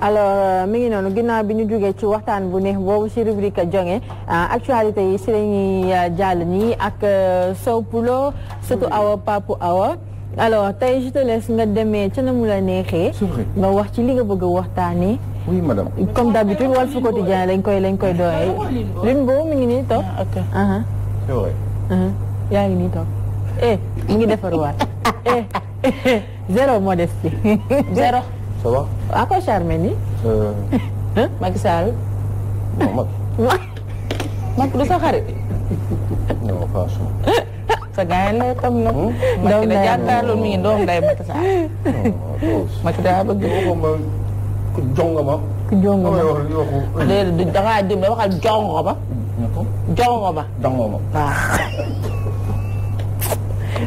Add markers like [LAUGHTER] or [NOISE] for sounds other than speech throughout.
alors euh, mi ngi noonu ginnaaw bi ñu jógee ci waxtaan bu neex boobu ci rubrique jonge euh, actualité yi si lañuy euh, jàll nii ak Sow Poulo surtout awa papu awa alors tey je te laisse nga demee ca na la neexee nga wax ci li nga bëgg a waxtaanee oui madame comme d'habitude Walf Quotidien lañ koy lañ koy dooree lune boobu mi ngi nii toog ah, uh-huh. c'est vrai uh-huh. yaa ngi nii toog eh mi ngi defar waat [LAUGHS] eh [LAUGHS] zéro modestie zéro ça va. à quoi charmer nii. ah Macky Sall. non Macky. Macky du sa xarit. non façon. sa gars yi lay tam nag. Hmm? Macky da jàkkaarloo mi ngi doom day Macky Sall. Macky daa bëgg. ku jongo ma. ku jongo ma léegi da ngaa jëm da waxal jongo ma. jongo ma. jongo ma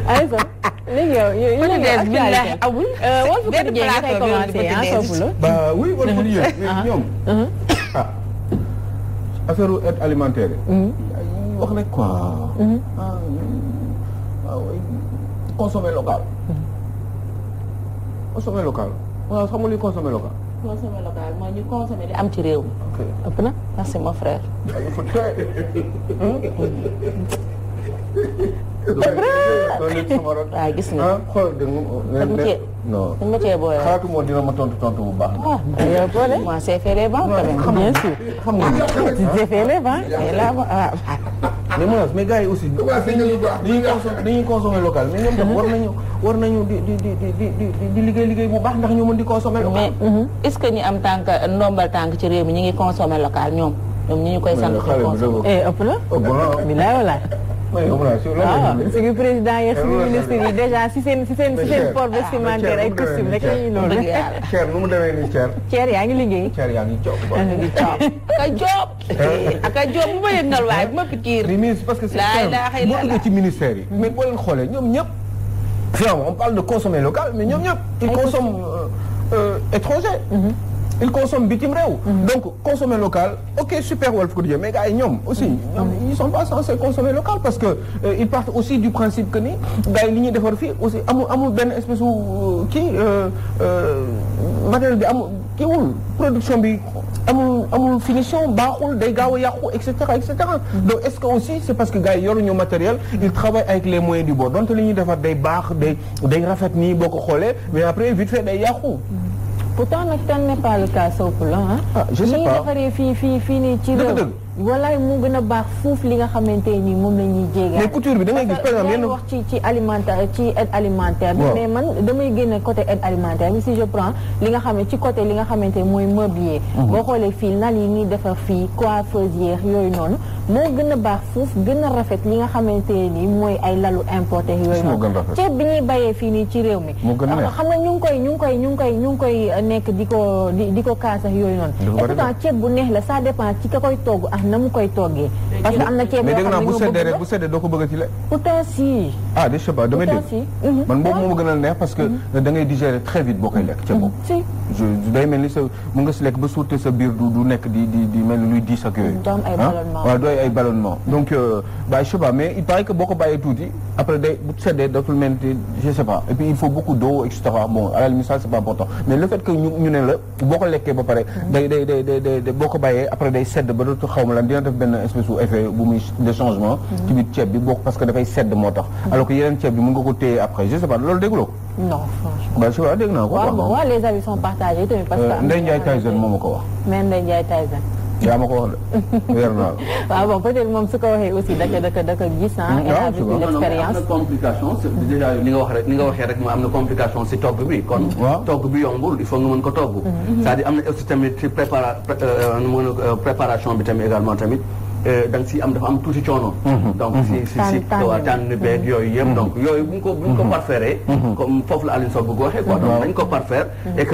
ayisa léegi yow yow yow yow amul. wolof kër Dieng nga koy commencé ah Sopula. bah oui wolof kër Dieng ñoom. Uh-huh. ah affaire aide alimentaire mm-hmm. yi. wax rek quoi. Mm-hmm. ah, mm-hmm. ah consommer local. consommer local waaw xam nga luy consommer local. consommer local mooy ñu consommer di am ci réew mi. ok ëpp na merci ah, mon frère. [LAUGHS] [LAUGHS] waaw gis nga ah xoolal dégg nga. dama cee non boole. xalaatu moo dina ma tontu tontu bu baax. waaw yow boole. moi c'est fait les bancs quand même. bien sûr xam nga c'est fait les bancs là mais Mawal aussi. dañuy consommé local mais ñoom tam war nañu war nañu di di di di di di bu baax ndax ñu mën di consommé local. mais est que ñi am tànk ndombal tànk ci réew mi ñu ngi consommé local ñoom ñoom ñu ñu koy sant. consommé eh, ëpp na ëpp na. bilaay walaay. suñu président yeeg suñu ministre yi déjà si seen si seen si seen port vestimentaire ay costume eh, rek eh, la ñuy noonu Thier nu mu demee nii Thier Thier yaa ngi liggéey Thier yaa ngi job aka job aka job bu ma yëngal waaye bu ma pikiir li ministre parce que c'est boo duggee ci ministère yi mais boo leen xoolee ñoom ñëpp finalement on parle de consommer local mais ñoom ñëpp ils consomment étranger ils consomment bitim réew. Mm-hmm. donc consommer local ok super Walf Quotidien mais gars yi ñoom aussi. Mm-hmm. ñoom mm-hmm. ils sont pas censés consommer local parce que euh, ils partent aussi du principe que ni gars yi li ñuy defar fii aussi amul amul benn espèce su euh, kii euh, matériel bi amul kiiwul production bi amul amul finition baaxul day gaaw a yàqu et cetera et cetera donc est ce que aussi c' parce que gars yi yoruñu matériel ils travaillent avec les moyens du bord donc li ñuy day baax day rafet nii boo ko xoolee mais après vite fait day yàqu. pourtant nag tel n'est pas le cas Sow Poulo ah. ah. je sais pas ñii defaree fii fii fii nii ci réew. walaay moo gën a baax fuuf li nga xamante nii moom la ñuy jéegaale. mais couture bi da ngay wax ci ci alimentaire ci aide alimentaire. man damay génne côté aide alimentaire bi si je prends li nga xam ne ci côté li nga xamante ni mooy meublier. Mhm. boo xoolee fii lal yi ñuy defar fii coiffeuse yeex yooyu noonu moo gën a baax fuuf gën a rafet li nga xamante nii mooy ay lalu importé yooyu noonu. ceeb bi ñuy bayee fii nii ci réew mi. xam nga ñu ngi koy ñu ngi koy ñu ngi koy ñu ngi koy euh, nekk di ko di ko kaasax yooyu noonu. et pourtant ceeb bu neex la ça dépend ci koy togg na mu koy toggee parce que am na ceeb yoo xam ne naa bu seddee doo ko bëgg a lekk. pourtant si. ah je sais damay dégg mhm. man boobu moo gën a neex parce que mhm. da ngay digérer très vite boo koy lekk ceeb boobu. Mhm. si day mel ni sa mu nga si lekk ba suurte sa biir du du nekk di di mel ni luy diis ak yooyu. doom ay ballonnement waaw doy donc bah euh, je mais il paraît que boo ko bàyyee tuuti après day bu seddee dootul mel ni je sais pas et puis il faut beaucoup d'eau et ñu ne la boo ko lekkee ba pare day day day day boo ko day sedd ba dootul xaw ma lan benn defee de changement mm-hmm. ci biir ceeb bi bokk parce que dafay sedd moo tax mm-hmm. alors que yeneen bi mën nga ko après je sais pas loolu dégloo non franchement. ba si waaw dégg naa ko. les avis sont partagés tamit parce que. Euh, Ndeye Ndiaye Tyson moo ma ko wax. mais Ndeye Ndiaye Tyson. yaa ma ko nga wax rek li am na complication si togg kon mm-hmm. togg bi yombul il faut nga mën ko togg. c'est-à-dire am na aussi tamit prépara euh, euh, bi tamit également tamit. Euh, da nga si am dafa am tuuti coono. Mhm. donc si si si waa tànn beeg mhm. yooyu donc mhm. yooyu bu ñu ko bu ñu ko parfaire. comme foofu la Alioune Sow bëgg waxee quoi donc dañ ko parfaire. et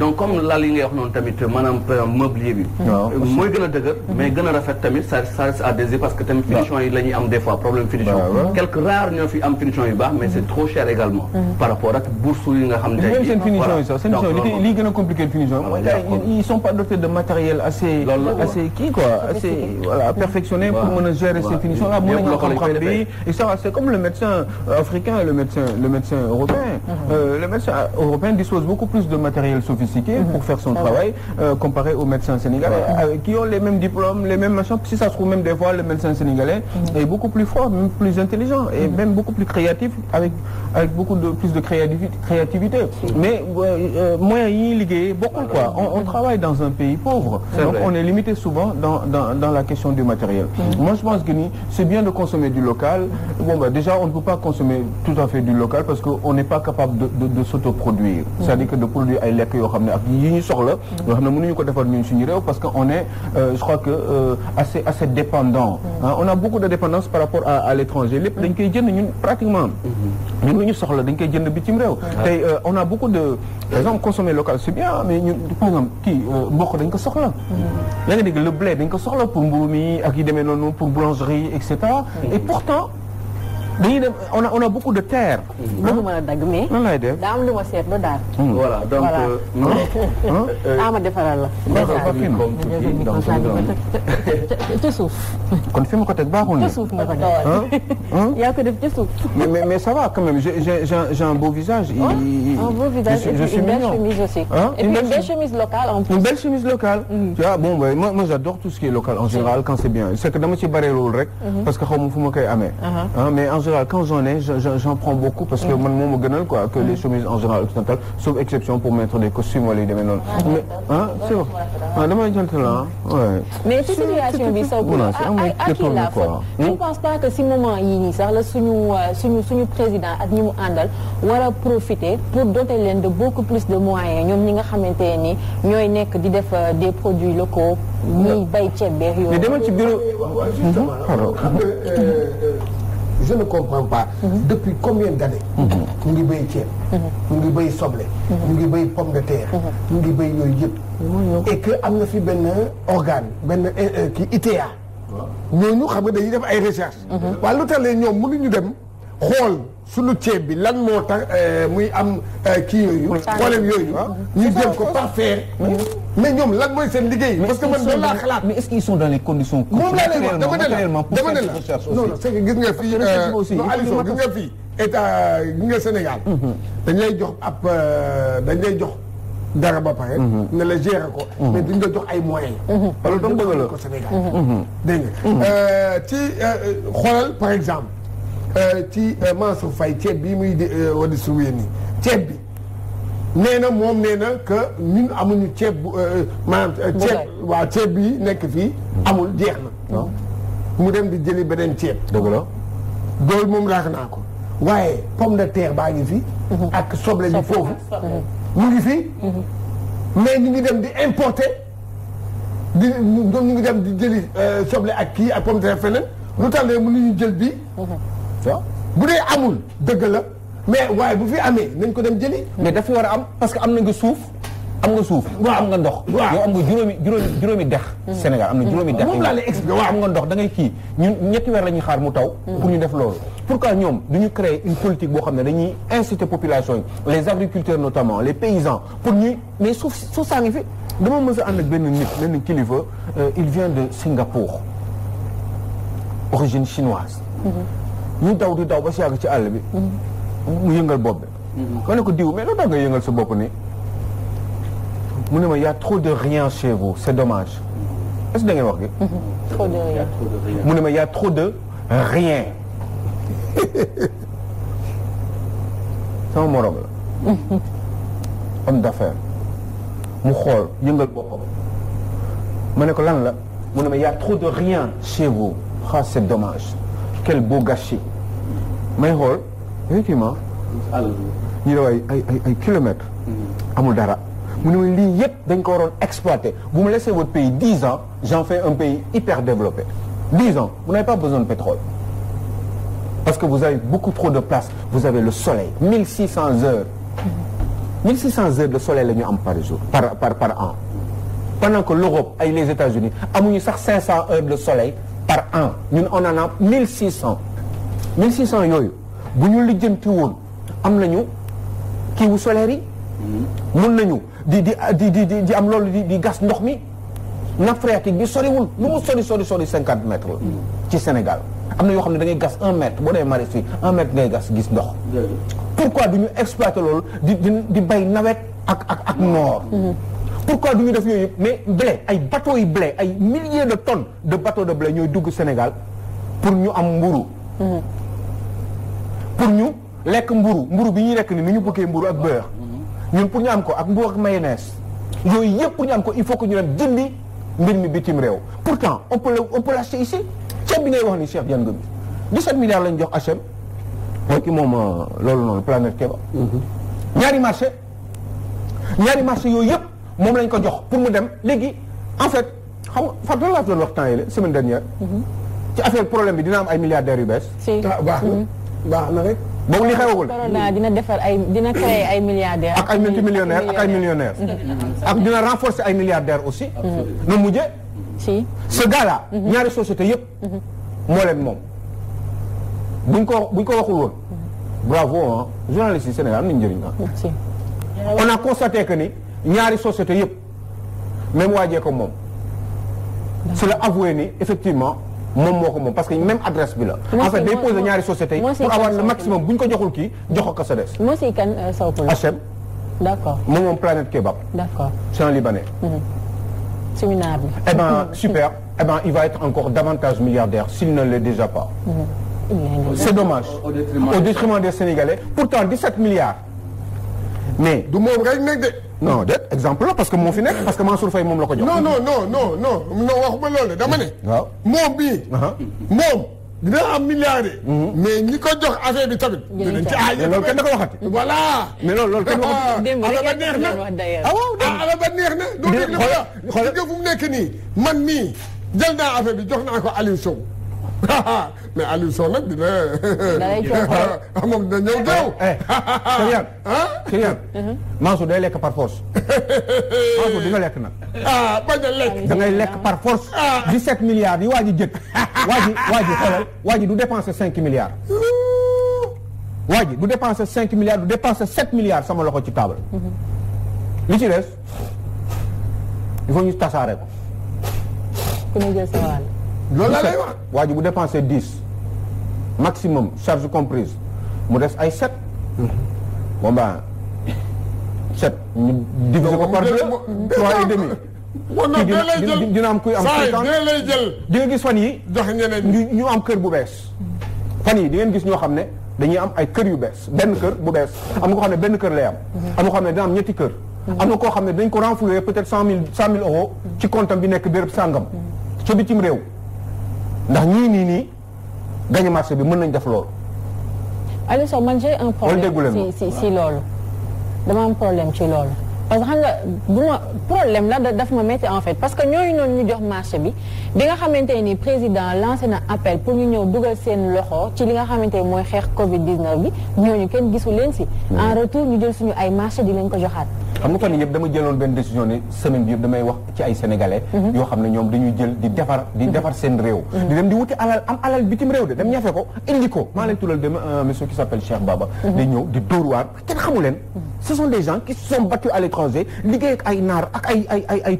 donc comme lal yi ngay tamit maanaam euh, mobilier a a parce que tamit finition yi la ñuy am des fois problème finition. quelques rares ñoo fi am finition yu baax mais c'est trop cher également. par rapport ak bourse yi nga xam ne. voilà seen finition yi sax seen finition li gën a compliqué finition. Ah ils sont pas dotés de matériel assez. loolu assez kii quoi. voilà perfectionné pour mën a gérer comme le médecin africain le médecin européen mm-hmm. euh, le médecin européen dispose beaucoup plus de matériel sophistiqué mm-hmm. pour faire son ah travail euh, comparé aux médecins sénégalais euh, qui ont les mêmes diplômes les mêmes sénégalais mm-hmm. est beaucoup plus fort même plus et même beaucoup plus créatif avec beaucoup de créativité mais moyens yi beaucoup on travaille dans un pays pauvre donc on est limité dans dans la question du matériel. Mm. que ni c'est bien de consommer du local bon bah déjà on ne peut pas consommer tout à fait du local parce que n'est pas capable de s'autoproduire. Mm. c'est-à-dire que de produire ay lekk yoo xam ne ak yi mm. parce que est euh, euh, assez dépendant. on a beaucoup de dépendance par rapport à à l'étranger pratiquement. Mm-hmm. ñun lu ñu soxla dañ koy jënd bitim réew. tey euh, on a beaucoup de par exemple consommer local c'est bien mais ñun par exemple kii euh, mboq dañ ko soxla. Mm. yaa ngi dégg le blé dañ ko soxla pour mburu mi ak yi demee noonu pour boulangerie et cetera. Mm. et pourtant. dañuy dem on a on a beaucoup de terre. bëgguma mmh. la dagg mais. lan lay def daa am lu ma seetlu daal. Mmh. voilà donc. Euh, mmh. Euh, euh, ah ma defaral la. ca suuf. kon fi mu ko teg baaxul ca suuf nga ko def. yaa ko def ca suuf. mais mais ça va quand même j'ai j'ai un beau visage. Oh, un beau visage et puis une belle chemise aussi. et puis une belle chemise locale en plus. une belle chemise locale. tu vois bon ben moi moi j'adore tout ce qui est local en général quand c'est bien c'est que dama ci bare loolu rek. parce que xaw ma fu ma koy amee. Uh-huh. général quand j'en ai j'en prends beaucoup parce que man moo ma gënal quoi que les chemises en général occidentales sauf exception pour mettre des costumes wala yu demee noonu mais ah c'est vrai ah damay jantal ah mais ci situation bi saw à qui la faute je pense pas que si moment yii nii sax la suñu euh, suñu suñu président ak ñi mu àndal war a profiter pour doter leen de beaucoup plus de moyens ñoom ñi nga xamante ni ñooy nekk di def euh, des produits locaux ñiy bay ceeb beex yooyu mais demal ci bureau je ne comprends pas. Mhm. depuis combien d'années. Mhm. mu ngi béy ceeb. Mhm. mu ngi béy soble. mu ngi béy pomme de terre. ñu ngi béy yooyu yëpp. et que am na fi benn organe benn euh, euh, kii ITA. ñooñu xam nga dañuy dem ay recherche. waaye lu tax ñoom mënuñu dem xool. sunu ceeb bi lan moo tax euh, muy am euh, kii yooyu problème yooyu ah. ñu jéem ko parfaire ah. mais ñoom lan mooy seen liggéey parce que man loolu laa xalaat mais est-ce qu'ils sont dans les conditions moom laa lay wax dama ne la dama ne la non non c'est que gis nga fii euh, Aliou gis nga fii état gis nga Sénégal mm-hmm. dañ lay jox ab dañ lay jox dara ba pare mm-hmm. ne la gérer ko mm-hmm. mais duñ la jox ay moyens wala doom bëgg ko Sénégal dégg nga ci xoolal par exemple Euh, ci euh, Mansour Faye ceeb bi muy euh, wadi suwee nii ceeb bi nee na moom nee na que ñun amuñu ceeb bu maanaam ceeb waa ceeb bi nekk fii amul jeex na mu dem di jëli beneen ceeb dëgg la moom laa naa ko waaye pomme de terre baa ngi fi mhm. ak soble bi foofu mhm. mu ngi fi mhm. mais ñu ngi dem di importer di ñoom ñu ngi dem di jëli soble ak kii ak pomme de terre feneen lu tax mu mënuñu jël bi waaw bu dee amul dëgg la mais waaye bu fi amee nañ ko dem jëli. mais daf fi war am parce que am na nga suuf. am nga suuf am nga ndox yow am nga juróomi juróomi juróomi dex hmm. Sénégal am na juróomi dex moom laa lay expliqué waaw am nga ndox da ngay kii ñun ñetti weer la xaar mu taw hmm. pour ñu def loolu pourquoi ñoom du ñu créer une politique boo xam ne dañuy inciter population yi les agriculteurs notamment les paysans pour ñu mais suuf suuf saa ngi fi dama mës a ànd ak benn nit benn kilifa euh, il vient de Singapour origine chinoise hmm. ñu taw di daw ba si yàgg ci àll bi mu yëngal bopp bi ma mm-hmm. ne ko diw mais loolu da nga yëngal sa bopp ni mu ne ma y a trop de rien chez vous c'est dommage mm-hmm. est-ce que wax gi mm-hmm. mu ne ma y a trop de rien [LAUGHS] sama morom la xool yëngal boppam ma ne ko lan la mu ne ma y a trop de rien chez vous ah c'est dommage quel beau gâchis may xool effectivement ñu ne waay ay ay ay kilomètres amul dara mu ne ma lii yëpp dañ ko waroon exploiter vous me laissez votre pays dix ans j'en fais un pays hyper développé dix ans vous n'avez pas besoin de pétrole parce que vous avez beaucoup trop de place vous avez le soleil mille six cent heures mille six cent heures de soleil la ñu am par jour par par par an pendant que l'Europe ay les États-Unis amuñu sax cinq cent heures de soleil par an ñu ne en a mille six cent mille six cent yooyu bu ñu lijjanti woon am nañu kii wu solaire yi mm-hmm. mun nañu di di di di di am loolu di di gas ndox mi nappe phréatique bi soriwul lu mu sori sori sori cinquante mètres la mm-hmm. ci Sénégal am na yoo xam ne da ngay gas un mètre boo dee maraîchers yi un mètre ngay gas gis ndox pourquoi du ñu exploiter loolu di di di bay nawet ak ak ak noor mm-hmm. pourquoi du ñu def yooyu yëpp mais blé ay bateaux yi blé ay milliers de tonnes de bateaux de blé ñooy dugg Sénégal pour ñu am mburu mhm. pour ñu lekk mburu mburu bi ñuy lekk ni ni ñu bëggee mburu ak beurre mhm. ñun pour ñu am ko ak mburu ak mayonnaise yooyu yëpp pour ñu am ko il faut que ñu dem jëndi mbir mi bitim réew pourtant on peut on peut l'acheter ici ceeb bi ngay wax ni Cheikh Diagne Gomis 17 milliards lañ jox HM mooy ki moom euh, loolu noonu planète Keba mhm. ñaari marché ñaari marché yooyu yëpp moom lañ ko jox pour mu dem léegi en fait xam nga Fatou lan laa fi doon wax la semaine dernière. Mhm. ci affaire problème bi dina am ay milliardaires yu bees. si baax na mhm. baax na rek. boobu li xewagul corona dina defar ay dina créer ay milliardaires. ak ay multimillionnaires ak ay millionnaires. Mhm. ak dina renforcer ay milliardaires aussi. na mujje si ce gars là. ñaari société yëpp. moo leen moom. buñ ko buñ ko waxul woon. bravo ah journaliste yi Sénégal am nañu njëriñ ah. on a constaté que ñaari société yëpp même waajee ko moom si la avoué ni effectivement moom moo ko moom parce que même adresse bi la en fait day posé ñaari société pour avoir le maximum bu ñu ko joxul kii jox ko sa des moo si kan euh, Sow Poulo HM d'accord moom moom Planète Kebab d'accord c'est un Libanais mhm. séminaire eh ben [LAUGHS] super eh ben il va être encore davantage milliardaire s'il ne l'est déjà pas mhm. c'est dommage au détriment des Sénégalais pourtant 17 milliards mais du moom rek nag de non déet exemple la parce que moo fi nekk parce que Mansour Faye moom la ko jox. non non non non non non waxuma loolu dama ne. waaw moom bii. moom dina am milliards. Mhm. mais ñi ko jox affaire bi tamit. dinañ ci aay loolu kenn da ko waxati. voilà. mais loolu loolu kenn ah, waxati. démb rek ah, ba neex na ah waaw ba neex na. doo dégg la ko wax xoolal fu mu nekk nii man mii jël naa affaire bi jox naa ko Aliou Sow. [LAUGHS] mais Aliou Sow nag dina. [LAUGHS] Ah, moom dina ñëw teew. Eh, eh, Kylian. [LAUGHS] Ah? Kylian. Mhm. Mansour day lekk par force. Mansour di nga lekk nag. ah bañ a lekk. da ngay lekk par force. 17 ah. milliards yi waa ji jëkk. waa ji waa waa ji du dépenser 5 waa ji du dépenser 5 milliards du dépenser 7 milliards sama loxo ci table. Mhm. li ci des il faut loolu laa lay wax waa ji bu dépensé dix maximum charge comprise mu des ay set mm-hmm. bon ben sept ñu diviser ko par deux trois et demi moom nag dina lay jël dina am kuy am. dina lay jël. di nga gis fan yi jox ñeneen ñu am kër bu bees. Mm-hmm. fan yi di ngeen gis ñoo xam ne dañuy am ay kër yu bees benn kër bu bees am na koo xam ne benn kër lay am. Mm-hmm. am na koo xam ne dina ñetti kër. am na koo xam ne dañ ko renflouer peut-être cent mille cent mille euros. ci compte bi nekk béréb sàngam. ca bitim réew. ndax ñii nii nii gañu marché bi mun nañ def loolu. Aliou Sow man j'ai un problème si si si loolu. dama am problème ci loolu. parce que xam nga bu ma problème la daf ma metti en fait parce que ñooñu noonu ñu jox marché bi bi nga xamante ni président lancé na appel pour ñu ñëw dugal seen loxo ci li nga xamante ni mooy xeex Covid 19 bi ñooñu kenn gisu leen si. en retour ñu jël suñu ay marché di leen ko joxaat. xam nga ko yëpp dama jëloon benn décision ni semaine bi yëpp damay wax ci ay sénégalais. Mhm. yoo xam ne ñoom dañuy jël di defar di mhm. defar seen réew. Mhm. di di wuti alal am alal bitim réew de dem ñafe ko indi ko. maa leen tuddal dem un euh, monsieur qui s'appelle Cheikh Baba. di ñëw di dóor waar kenn ce sont des gens qui se sont battus à l'étranger liggéey ak ay naar ak ay ay ay ay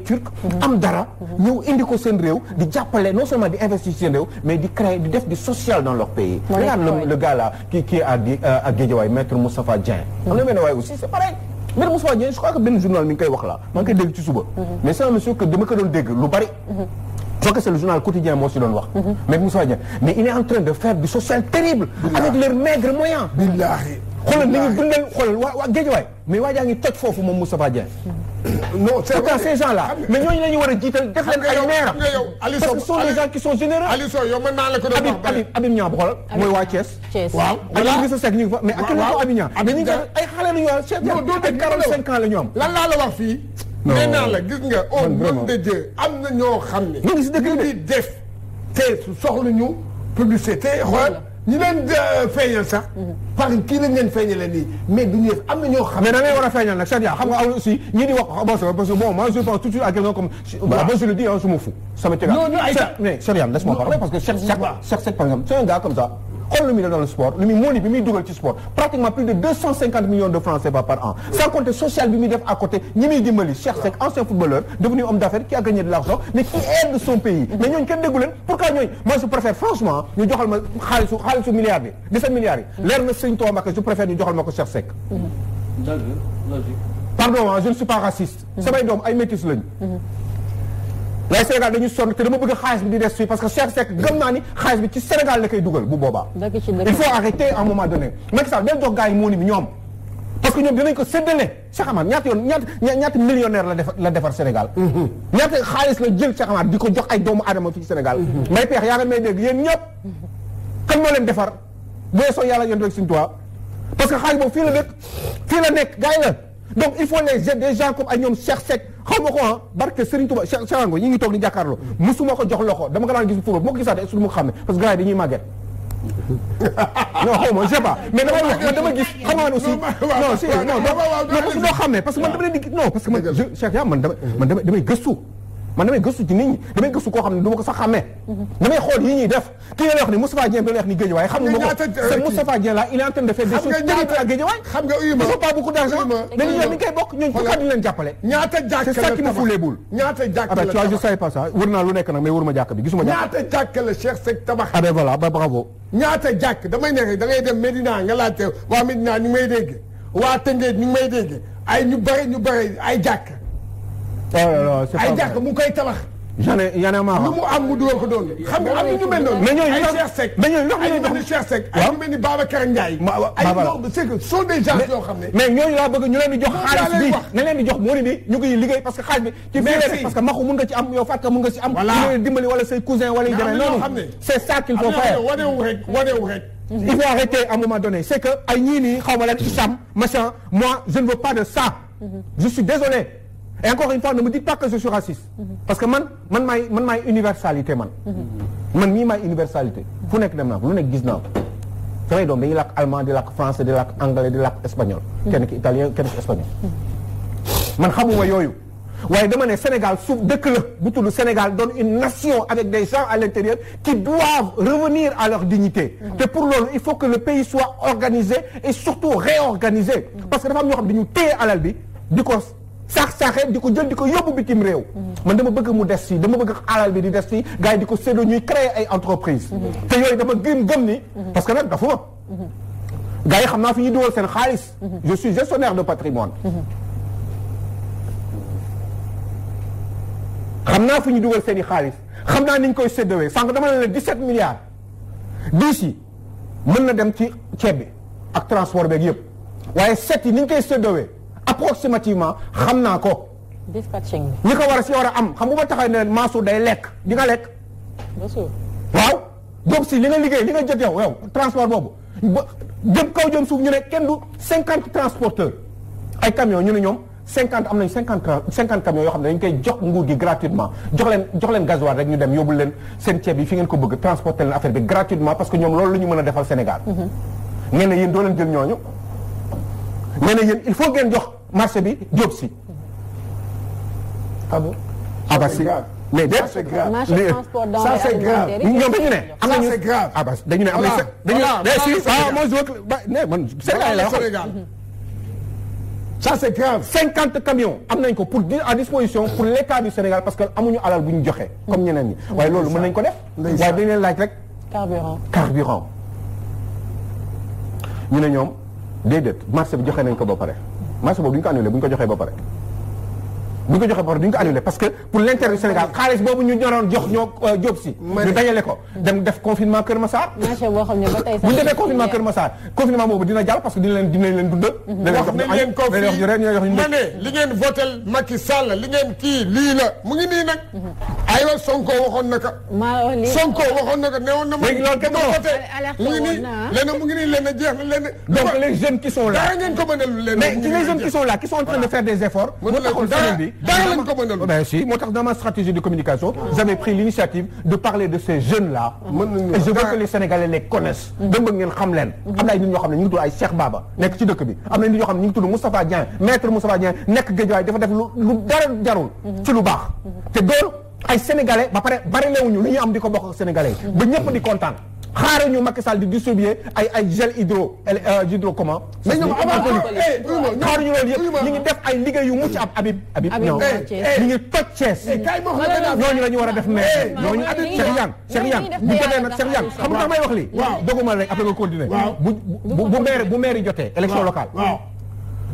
am dara ñëw indi ko seen réew di jàppale non seulement di investir seen mais di créer di def du social dans leur pays. mooy regarde le gars là qui qui est à euh, Guédiawaye maître waay aussi c'est Maître Moussa Dieng je journal mi wax laa maa ngi koy dégg ci suba mhm. mais c'est un que dama ko doon dégg lu bari mhm. journal quotidien moo si doon wax mhm. Maître Moussa Dieng mais il est en train de social terrible avec leurs maigres moyens billahi xoolal li ñu dundal xoolal waa waa géejawaay mais waa jaa ngi toj foofu moom Moustapha Dieng. [COUGHS] non c'est vrai ces gens là mais ñooñu la ñu war a jiital def leen ay maire parce que ce sont des gens qui sont généreux. Aliou yow mën naa la ko doon wax Habib Habib Niang bu xoolal mooy waa Thiès. Thiès waaw voilà Aliou Moussa Seck ñu ngi fa mais ak keneen ko Habib Niang. Habib Niang ay xale la ñu am Cheikh ay 45 ans la ñu am. lan laa la wax fii. non nee naa la gis nga oh, au nom de Dieu am na ñoo xam ne. ñu ngi si dëkk bi def te soxla ñu publicité xool ñi leen euh, feeñal sax. Mhm. parce que kii lañ leen feeñalee nii mais du ñu am na ñoo xam. mais da ngay war a feeñal nag c'est xam nga aussi ñii di wax bon parce que bon moi je pense tout de suite à quelqu'un comme. waaw bon je le dis ah je m'en fous. sama cëgg non non ay mais Cheikh Yane laisse-moi parler parce que Cheikh Cheikh Cheikh par exemple c'est un gars comme ça. xool lu muy def dans le sport lu muy mooli bi muy dugal ci sport pratiquement plus de millions de francs CFA par an sans compter social bi muy def à côté ñi muy dimbali Cheikh Seck ancien footballeur devenu homme d'affaires qui a gagné de l'argent mais qui aide son pays mais ñooñu kenn déggu leen pourquoi ñooñu je préfère franchement ñu joxal ma xaalisu xaalisu milliard bi 17 milliards yi leer je préfère ñu joxal ma ko Cheikh pardon je waaye Sénégal dañu sonn te dama bëgg xaalis bi di des fii parce que Cheikh Seck gëm naa ni xaalis bi ci Sénégal la koy dugal bu boobaa il faut arrêter un moment donné Macky Sall del jox gars moo ni bi ñoom parce que ñoom dinañ ko séddale Cheikh Amar ñaata yoon ñaata ñaata la defar Sénégal mm-hmm. ñaata xaalis la jël Cheikh Amar di ko jox ay doomu aadama fii ci Sénégal mm-hmm. may peex yaa nga may dégg yéen ñëpp mm-hmm. kan moo defar boye soo yàlla yéen rek suñu toit la nekk fii la nekk gars yi la donc xaw ma ko ah barke Serigne Touba Cherango ñi ngi toog di jàkkaarloo musuma ko jox loxo dama ko daan gis fuba bu ma ko gisaatee su ma ko xam ne yi dañuy màgget non xaw ma je sais pas mais man dama gis xamaan aussi non si non non parce que doo xam ne parce que man dama leen di non man dama man man damay gëstu ci nit ñi damay gëstu koo xam ne du ma ko sax xàmmee mm-hmm. damay xool yi ñuy def kii nga lay wax ni Moustapha Dieng bi la wax ni Guédiawaye xam nga ko c'est Moustapha Dieng là il est en train de faire des choses terribles à Guédiawaye xam nga uyuma ils ont pas beaucoup d'argent mais ñi ñoom ñu koy bokk ñooñu pourquoi duñ leen jàppale ñaata jàkk la c'est ça qui me fout les boules ñaata jàkk ah la tabax je savais pas ça wër naa lu nekk nag mais wër ma jàkk bi gisuma ñaata jàkk la Cheikh Seck tabax ah ben voilà bravo ñaata jàkk damay nekk da ngay dem Medina nga laajte waa Medina ñu may dégg waa Tëngéej ñu may dégg ay ñu bare ñu bare ay jàkk Oh, oh, oh, ay jàkk mu koy tabax. j'en ai y'en a marre lu mu am mu dugal ko doon xam nga am na ñu mel noonu. mais ñooñu ay Cheikh Seck mais ñooñu ay ñu mel ni Cheikh Seck ay ñu mel ni Babacar Ndiaye. ay ñoom c'est que sont des gens yoo xam ne. mais ñooñu laa bëgg ñu leen di jox xaalis bi na leen di jox moo ne ni ñu ngi liggéey parce que xaalis bi. ci fii parce que maxu mun nga ci am yow Fatka mun nga ci am. voilà ñu leen dimbali wala say cousin wala yu demee noonu. c'est ça qu'il faut faire wane wu rek wane wu rek. il faut arrêter à un moment donné c'est que ay ñii nii xaw ma leen isam machin moi je ne veux pas de ça mhm. je suis désolé et encore une fois ne me dites pas que je suis raciste. parce que man man maay man maay universalité man. man mii maay universalité. fu nekk dem naa ko lu nekk gis naa ko. samay doom dañuy làkk allemand di làkk français di làkk anglais di làkk espagnol. kenn ki italien kenn ki espagnol. man xamuma yooyu. waaye dama ne Sénégal suuf dëkk la bu tudd Sénégal doon une nation avec des gens à l'intérieur qui doivent revenir à leur dignité te que le pays soit organisé et surtout réorganisé parce que dafa am ñoo xam ne dañu bi di ko saax-saaxe di ko jël di ko yóbbu bitim réew man dama bëgg mu des fii dama bëgg alal bi di des fii gars yi di ko séddoo ñuy créer ay entreprise te yooyu dama gëm gëm ni parce que nag dafa ma gars xam naa fi ñuy dugal seen xaalis je suis gestionnaire de patrimoine xam naa fi ñu dugal seen i xaalis xam naa ni koy séddowee sànq dama ne la 17 milliards dix yi mën na dem ci ceeb bi ak transport beeg yëpp waaye sept yi ni koy séddowee approximativement xam naa ko. dispatching ñi ko war a si war a am xam nga ba taxaw ne Mansour day lekk di nga lekk. waaw. Diop li nga li nga jot yow yow boobu ba jëm kaw jëm suuf ñu ne kenn du cinquante transporteurs ay camions ñu ne ñoom. cinquante am nañu cinquante cinquante camions yoo xam ne dañu koy jox nguur gi gratuitement jox leen jox leen gasoil rek ñu dem yóbbul leen seen ceeb yi fi ngeen ko bëgg transporter leen affaire bi gratuitement parce que ñoom loolu la ñu mën a defal Sénégal. Mhm. ngeen ne yéen doo marché bi Diop si. ah bon abasi ah mais déet ça c'est grave ça c'est grave ñoom dañu am nañu dañu ne am nañu dañu ne ah moi je veux ba ne cinquante camions am nañ ko pour à disposition pour l'état du Sénégal parce que amuñu alal bu ñu joxe. comme ñeneen ñi mm. waaye loolu mën nañ ko def. waaye dañ leen laaj rek. carburant carburant. ñu ne ñoom déedéet marché bi joxe nañ ko ba pare. match boobu du ñu ko annulé bu ñu ko joxee ba pare bu ñu ko joxee bor du ñu ko annulé parce que pour l' Sénégal xaalis boobu ñu ñoroon jox euh, def confinement Kër Massar bu ñu defee confinement Kër dina jàll parce que dina leen dinañ leen dundal mhm. wax nañ leen ko fii ma ne li ngeen votel Macky Sall li ngeen kii lii la mu ngi nii nag mhm. aywa Sonko waxoon ma voté mu ngi ah. donc les jeunes qui sont là ngeen ko mënal leneen mais les jeunes qui sont là qui sont en train de faire des efforts moo taxoon semaine bi dara lañ ko mënoon ben si moo tax dans ma stratégie de communication ah. j'avais pris l'initiative de parler de ces jeunes là et je veux que les Sénégalais les connaissent mmh. dama bëgg ngeen xam leen mmh. am na ay nit ñoo xam ne ñu ngi tudd ay Cheikh nekk ci am na nit ñoo xam ne ñu ngi tudd Moustapha Dieng maître Moustapha Dieng nekk Guédiawaye dafa def lu dara jarul mmh. ci lu baax te doolu ay Sénégalais ba pare bari leewuñu li ñu am di ko bokk ak Sénégalais ba di kontaan xaaral ñu Macky Sall di distribuer ay ay gel hydro euh, euh, hydro comment. mais ñoom avant ñu loolu yëpp ñu def ay liggéey yu mucc ab Habib. Habib ñoom ñooñu la war a def mais ñooñu Cheikh Yang Cheikh Yang bu jotee nag Cheikh Yang xam nga may wax lii. waaw doguma rek après bu bu bu maire bu maire jotee. élection locale.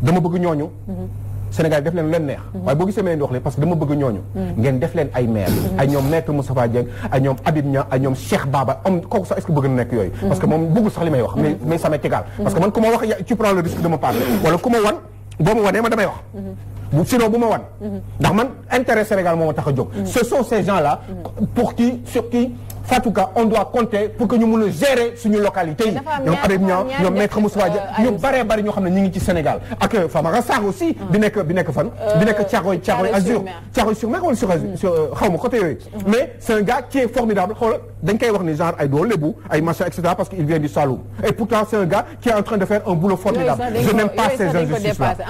dama bëgg ñooñu. Mm-hmm. Sénégal def leen leen neex mhm. waaye boo gisee ma leen leen parce que dama bëgg ñooñu mhm. ngeen def leen ay maire mhm. ay ñoom maître Moustapha Dieng ay ñoom Habib Niang ay ñoom Cheikh Baba am kooku sax est-ce que bëgg na nekk yooyu parce que moom bëggul sax li may wax mais mais ça m'est parce que man ku ma wax tu prends le risque de me parler wala ku ma wan boo ma wanee ma damay wax bu bu ma wan ndax man intérêt Sénégal moo tax a jóg ce sont ces gens pour qui sur Fatouka on doit compter pour que ñu mun a gérer suñu localité yi ñoom Habib Niang ñoom maître Moussa Dia ñu baree bari ñoo xam ngi ci Sénégal ak euh, Famara Sarr aussi ah. bi nekk bi nekk fan bi nekk euh, Thiaroye Thiaroye sur mer wala sur euh, mm-hmm. mais c'est un gars qui est formidable xoolal dañ koy wax ni genre ay doole bu ay machin et parce que vient du Saloum et pourtant c'est un gars qui est en train de faire un boulot formidable je n'aime pas ces injustices